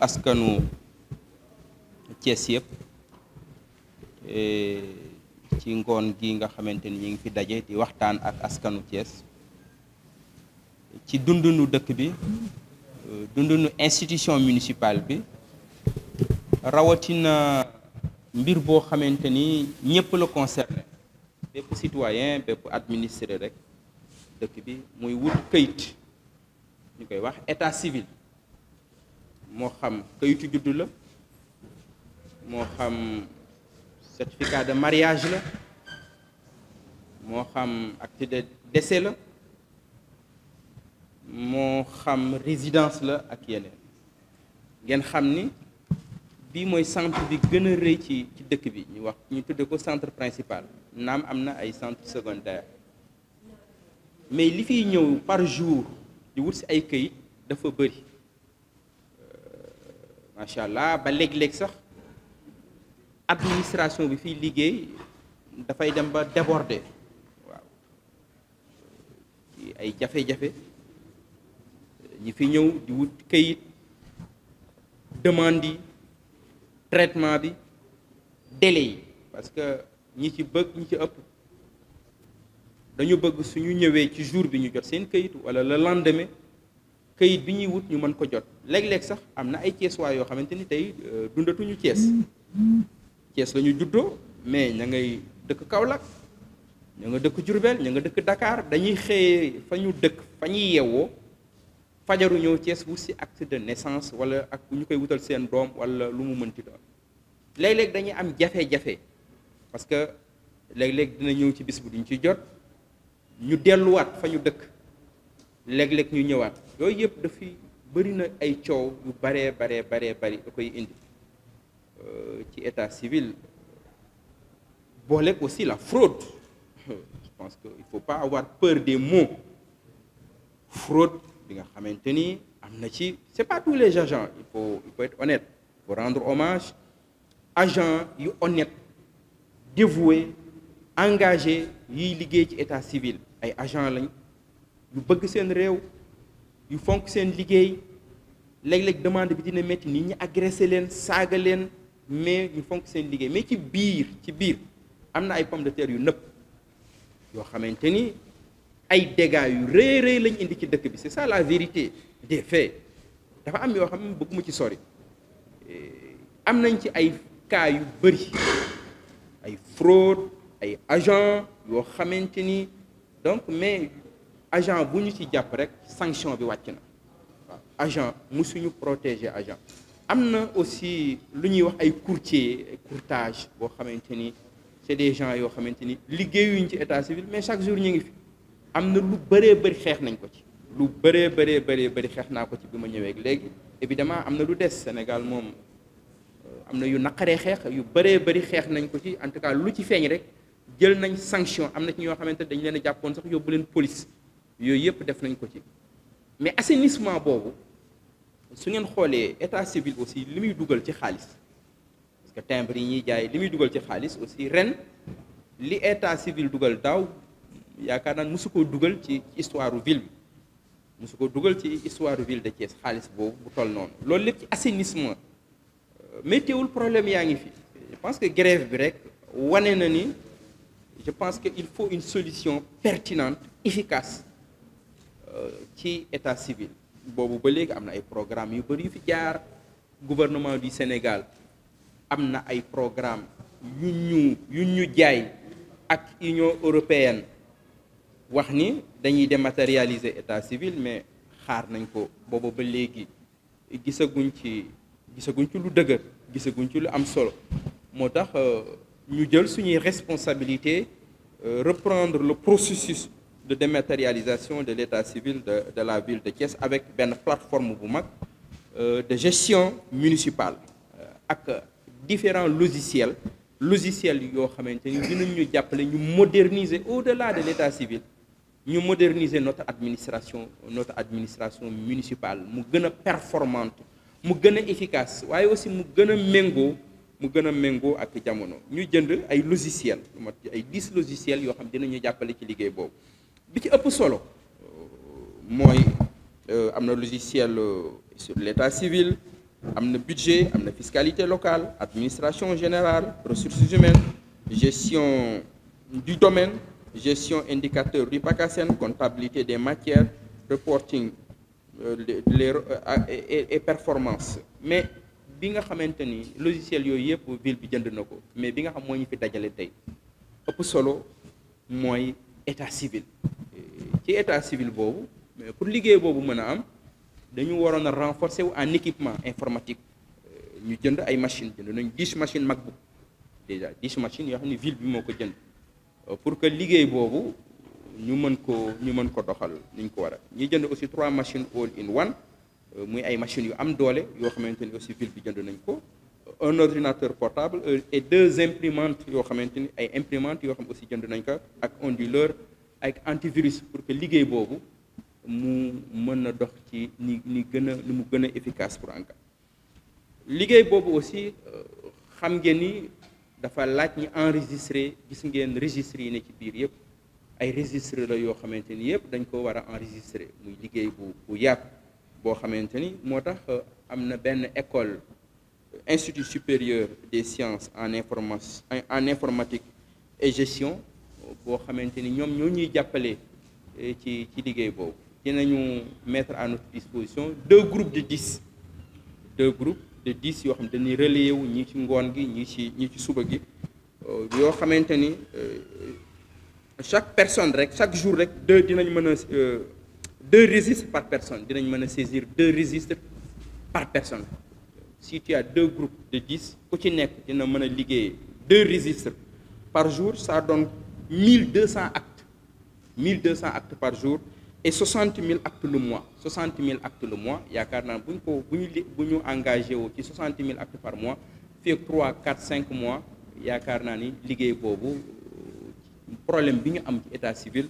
askanu Cees yëpp e, ci ngoon gi nga xamante ni ñu ngi fi daje di waxtaan ak askanu Cees ci dundunu dëkk bi dundunu institution municipale bi rawatina mbir boo xamante ni ñëpp la concerné bépp citoyen bépp administré rek dëkk bi muy wut këyit ñu koy wax état civil moo xam kayitu juddu la moo xam certificat de mariage la moo xam acte de décès la moo xam résidence la ak yeneen ngeen xam ni bii mooy centre bi gën a rëy ci dëkk bi ñu wax ñu tudde ko centre principal naam am na ay centre secondaire mais li fiy ñëw par jour di wut si ay këyit dafa bëri macha allah ba léeg-léeg sax administration bi fiy liggéey dafay dem ba déborder waaw ay jafe-jafe ñi fi ñëw di wut këyit demande yi traitement bi délai yi parce que ñi ci bëgg ñi ci ëpp dañu bëgg su ñu ñëwee ci jour bi ñu jot seen këyit wala le lendemain këyit bi ñuy wut ñu mën ko jot léeg-léeg sax am na ay Cees yoo xamante ni tey euh, dundatuñu Cees Cees la ñu juddoo mais ña ngay dëkk Kaolack ña nga dëkk Jurbel ña nga dëkk dakaar dañuy xëyee fa ñu dëkk fa ñuy yeewoo fajaru ñëw Cees wut si acte de naissance wala ak ñu koy wutal seen doom wala lu mu mënti doon léeg-léeg dañuy am jafe-jafe parce que léeg-léeg dina ñëw ci bis bi duñ ci jot ñu delluwaat fa ñu dëkk léeg ñu ñëwaat yooyu yëpp dafay bëri na ay coow yu baree baree baree bari da koy indi euh, ci état civil booleeg aussi la fraude je pense que il faut pas avoir peur des mots fraude bi nga xamante ni am na ci c'est pas tous les agents il faut il faut être honnête il rendre hommage agent yu honnête dévoué engagé yuy liggéey ci état civil ay agents lañ yu bëgg seen réew yu fonk seen liggéey léeg-léeg demande bi dina métti nit ñi agressé leen saaga leen mais ñu fonk seen liggéey mais ci biir ci biir am na ay pomme de terre yu nëpp yoo xamante ni ay dégâts yu rëy rëy lañ indi ci dëkk bi c'est ça la vérité des faits dafa am yoo xam ne bëgguma ci sori eh, am nañ ci ay cas yu bëri ay fraude ay agent yoo xamante ni donc mais agent bu ñu ci jàpp rek sanction bi wàcc na waaw agent suñu protéger agent am na aussi lu ñuy wax ay courtier courtage boo xamante ni c'est des gens yoo xamante ni liggéeyuñ ci état civil mais chaque jour ñu ngi fi am na lu bëree bëri xeex nañ ko ci lu bëree bëree bëree bëri xeex naa ko ci bi ma ñëwee léegi évidemment am na lu des Sénégal moom euh, am na yu naqaree xeex yu bëree bëri xeex nañ ko ci en lu ci feeñ rek jël nañ sanction am na ci ñoo xamante dañu leen jàppoon sax yóbbu leen police yooyu yëpp def nañ ko ci mais assainissement boobu su ngeen xoolee état civil aussi li muy dugal ci xaalis parce que timbre yi ñuy jaay li muy dugal ci xaalis aussi ren li état civil dugal daaw yaakaar naan mosu koo dugal ci histoire ville bi mosu ko dugal ci histoire ville de Thiès xaalis boobu bu toll noonu loolu lépp ci assainissement mais teewul problème yaa ngi fi je pense que grève bi rek wane na ni je pense que il faut une solution pertinente efficace ci état civil boobu ba léegi am na ay programme yu bëri yu fi jaar gouvernement du Sénégal am na ay programme yu ñu yu ñu jaay ak Union européenne wax ni dañuy dématérialiser état civil mais xaar nañ ko booba ba léegi gisaguñ ci gisaguñ ci lu dëgër gisaguñ ci lu am solo moo tax euh, ñu jël suñuy responsabilité euh, reprendre le processus de dématérialisation de l'état civil de, de la ville de Thiès avec benn plateforme bu mag euh, de gestion municipale euh, ak différents logiciels logiciels yoo xamante ni dinañ ñu jàppale ñu moderniser au-delà de l'état civil ñu moderniser notre administration notre administration municipale mu gën a performante mu gën a efficace waaye aussi mu gën a méngoo mu gën a méngoo ak jamono ñu jënd ay logiciels lu mat ay dix yoo xam dinañu jàppale ci liggéey boobu ëpp solo mooy euh, am na logiciel euh, sur l'état civil am na budget am na fiscalité locale administration générale ressources humaines gestion du domaine gestion indicateur du PACASEN comptabilité des matières reporting euh, les et performance mais bi nga xamante ni logiciel yooyu yëpp ville bi jënd na ko mais bi nga xam moo ñu fi dajale tey ëpp solo mooy état civil ci état civil boobu mais pour liggéey boobu mën a am dañu waroon a renforcer wu en équipement informatique euh, ñu jënd ay machines jënd nañ dix machines MacBook déjà dix machines yoo xam ne ville bi moo ko jënd euh, pour que liggéey boobu ñu mën ko ñu mën ko doxal ni ko war a ñu jënd aussi trois machine all in one euh, muy ay machines yu am doole yoo xamante ni aussi ville bi jënd nañ ko un ordinateur portable et deux imprimantes yoo xamante ni ay imprimantes yoo xam aussi jënd nañ ko ak onduleur ay antivirus pour que liggéey boobu mu mën a dox ci ni ni gën a ni mu gën a efficace pour ANCAR liggéey boobu aussi euh, xam ngeen ni dafa laaj ñi enregistré gis ngeen registre yi ne ci biir yëpp ay registre la yoo xamante ni yëpp dañ ko war a enregistré muy liggéey bu bu yàgg boo xamante ni moo tax euh, am na benn école euh, institut supérieur des sciences en information en informatique et gestion boo xamante ni ñoom ñoo ñuy jàppale eh, ci ci liggéey boobu dinañu mettre à notre disposition deux groupes de dix deux groupes de dix yoo xam ne dañuy relayer wu ñii ci ngoon gi ñii ci ñii ci suba gi euh, yoo xamante ni euh, chaque personne rek chaque jour rek deux dinañ mën a euh, deux registres par personne dinañ mën a saisir deux registres par personne si tu deux groupes de dix ku ci nekk dina mën a liggéey deux registres par jour ça donne deux 1200 actes 1200 actes par jour et 60 mille actes le mois 60 000 actes yaakaar naa bu ñu ko bu ñu bu ñu engagé woo ci 60 mille actes par mois fekk 3 4 cinq mois yaakaar naa ni liggéey boobu euh, problème bi ñu am ci état civil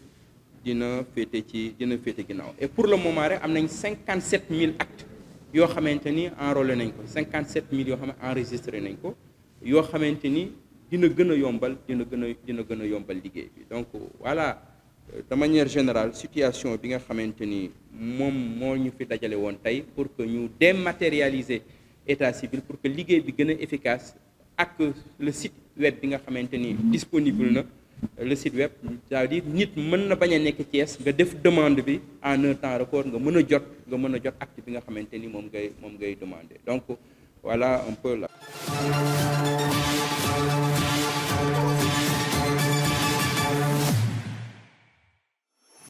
dina féete ci dina féete ginnaaw et pour le moment rek am nañ 57 mille actes yoo xamante ni enrôlé nañ ko 57 000 yoo xam ne enregistré nañ ko yoo xamante ni. dina gën a yombal dina gën a dina gën a yombal liggéey bi donc voilà euh, de manière générale situation bi nga xamante ni moom moo ñu fi dajale woon tey pour que ñu dématérialiser état civil pour que liggéey bi gën a efficace ak le site web bi nga xamante ni disponible na le site web cest à nit mën na bañ a nekk Thiès nga def demande bi en un temps record nga mën a jot nga mën a jot acte bi nga xamante ni moom ngay moom ngay demander donc wala un peu là